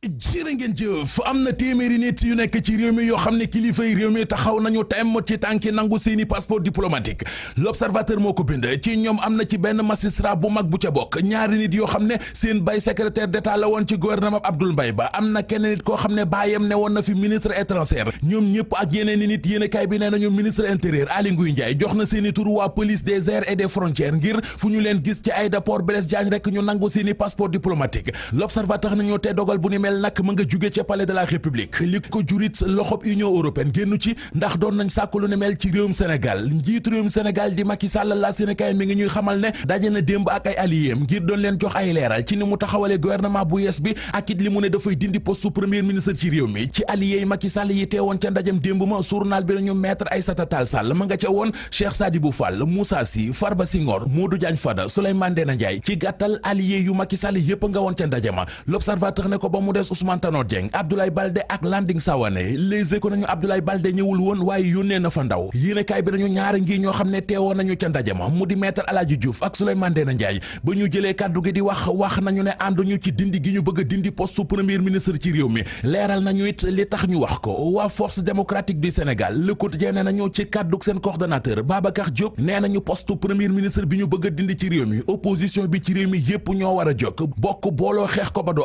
jërë ngeen jëf am na téeméeri nit yu nekk ci réew mi yoo xam ne kilifa yi réew mi taxaw nañu tem ci tànki nangu seeni passeport diplomatique l'observateur moo ko bind ci ñoom na ci benn magistrat bu bu ca nit yoo xam ne seen bay secrétaire d'état la woon ci na kenn koo xam ne baayam ne woon na fi ñoom ñëpp ak yeneen nit yéen kay bi nee nañu ministre intérieur Aly Ngouille Ndiaye jox na seeni tur te dogal bu ni mel nag ma nga jugee ca palais de la république li ko jurit loxob union européenne génnu ci ndax doon nañ sàkk lu ne mel ci réewum sénégal njiit réewum sénégal di Macky Sall la sénégal mi ngi ñuy xamal ne daje na démb ak ay alliéem jox ay leeral ci ni mu taxawalee gouvernement bu yees bi ak it li mu ne dafay dindi poste premier ministre ci réew mi ci allié yi Macky nga ca woon Cheikh Sadibou Fall Moussa Sy Farba Senghor Modou Diagne Fada Souleymane Ndéné Ndiaye yu Macky Sall yépp nga woon ca ndaje ma l'observateur ne ko ba mu PDS Ousmane Tanor Dieng Abdoulaye Balde ak Landing Savané les nañu Abdoulaye Balde ñëwul woon waaye yónnee na fa ndaw yéenekaay bi nañu ñaari ngi ñoo xam ne teewoon nañu ca ndaje ma mu di maître Alaaji Diouf ak Souleymane Ndéné Ndiaye ba ñu jëlee kàddu gi di wax wax nañu ne ànduñu ci dindi gi ñu bëgg a dindi poste premier ministre ci réew mi leeral nañu it li tax ñu wax ko waa force démocratique du Sénégal Le Quotidien ne nañu ci kàddu seen coordonnateur Babacar Diop nee nañu poste premier ministre bi ñu bëgg a dindi ci réew mi opposition bi ci réew mi yépp ñoo war a bokk booloo xeex ko ba du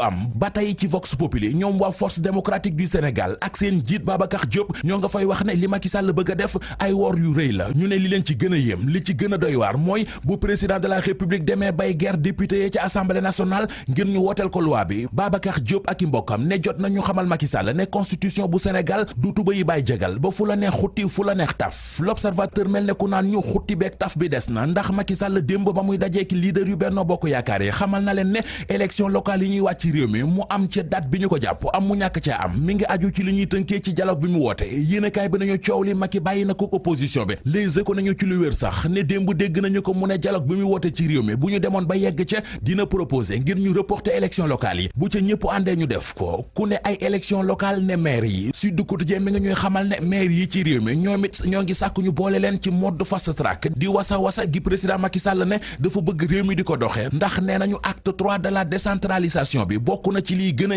Vox Populi ñoom waa force démocratique du Sénégal ak seen njiit Babacar Diop ñoo nga fay wax ne li Macky Sall bëgg def ay wor yu rëy la ñu ne li leen ci gën a yéem li ci gën a doy waar mooy bu président de la république demee bay guerre député yi ci assemblée nationale ngir ñu wooteel ko luwa bi Babacar Diop ak i mbokkam ne jot nañu xamal Macky Sall ne constitution bu Sénégal du tuba yi bàyyi jagal ba fu la neex xutti fu la neex taf l'observateur mel ne ku naan ñu xutti beeg taf bi des na ndax Macky Sall démb ba muy dajeeki leader yu Benno Bokk Yaakaar yi xamal na leen ne élection locale yi ñuy wàcc réew mi mu am ci date bi ñu ko jàpp am mu ñàkk caa am mi ngi aju ci li ñuy tënkee ci dialogue bi mu woote yéenekaay bi nañu coow li Macky bàyyi na ko opposition bi Les Échos nañu ci lu wér sax ne démb dégg nañu ko mu ne dialogue bi mu woote ci réew mi bu ñu demoon ba yegg ca dina proposer ngir ñu reporter élection locale yi bu ca ñëpp àndee ñu def ku ne ay élection locale ne maire yi Sud Quotidien mi ngi ñuy xamal ne maire yi ci réew mi ñoom it ñoo ngi sàkk ñu boole leen ci mode fast mi di ko doxee ndax nee nañu acte 3 de la décentralisation bi bokk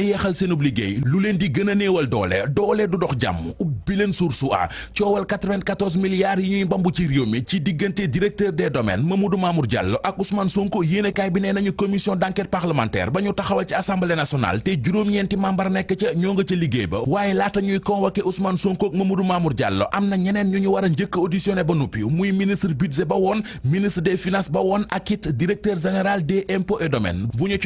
yéexal seenub liggéey lu leen di gën a néewal doole doole du dox jàmm ubbi leen source a coowal 94 milliards yi ñuy mbambu ci réew mi ci diggante directeur des domaines Mamadou Mamour Diallo ak Ousmane Sonko yéenekaay bi nee nañu commission d'enquête parlementaire ba ñu taxawal ci assemblée nationale te juróom-ñeenti membre nekk ca ñoo nga ca liggéey ba waaye laata ñuy convoqué Ousmane Sonko ak Mamadou Mamour Diallo am na ñeneen ñu ñu war a njëkk auditionné ba noppi muy ministre budget ba woon ministre des finances ba woon ak it directeur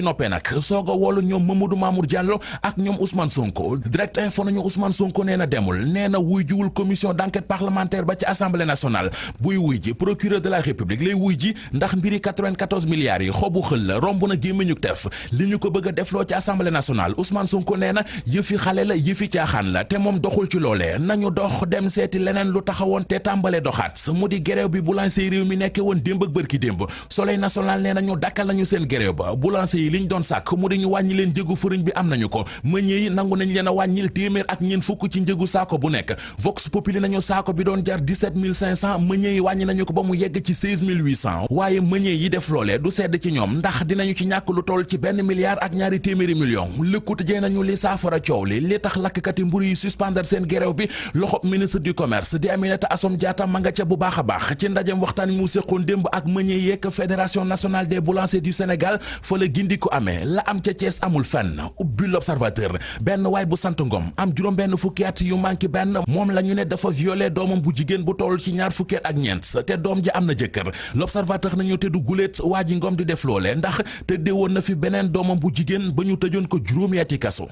noppee nag soog a woolu ñoom Mamadou Mamour Diallo ak ñoom Ousmane Sonko direct info nañu Ousmane Sonko nee na demul nee na wuy jiwul commission d'enquête parlementaire ba ci assemblée nationale buy wuy ji procureur de la république lay wuy ji ndax mbiri 94 yi xobu xël la romb na gémmiñu tef li ñu ko bëgg a defloo ci assemblée nationale Ousmane Sonko nee na yëfi xale la yëfi caaxaan la te moom doxul ci loolee nañu dox dem seeti leneen lu taxawoon te tàmbale doxaat mu di grève bi boulanger réew mi nekke woon démb ak bërki démb soleil national nee nañu dakkal nañu ko nekk Vox Populi nañu saako bi doon jar 17500 wàññi nañu ko ba mu yegg ci waaye meññee yi def loolee du sedd ci ñoom ndax dinañu ci ñàkk lu toll ci benn milliard ak ñaari téeméeri million lëkkut jee nañu li saafara coow li li tax lakkati mburu yi suspendre seen grève bi loxob ministre du commerce di Aminata Assome Diatta ma nga ca bu baax a baax ci ndajem waxtaan mu seqoon démb ak meññee yeeg fédération nationale des boulangers du Sénégal fa la gindi Sène moom la ñu ne dafa violé doomam bu jigéen bu toll ci ñaar fukkeet ak ñeent te doom ji am na jëkkër l'observateur nañu te du guléet waa ji ngoom di def loole ndax te dee na fi beneen doomam bu jigéen ba ñu tëjoon ko juróom ati kaso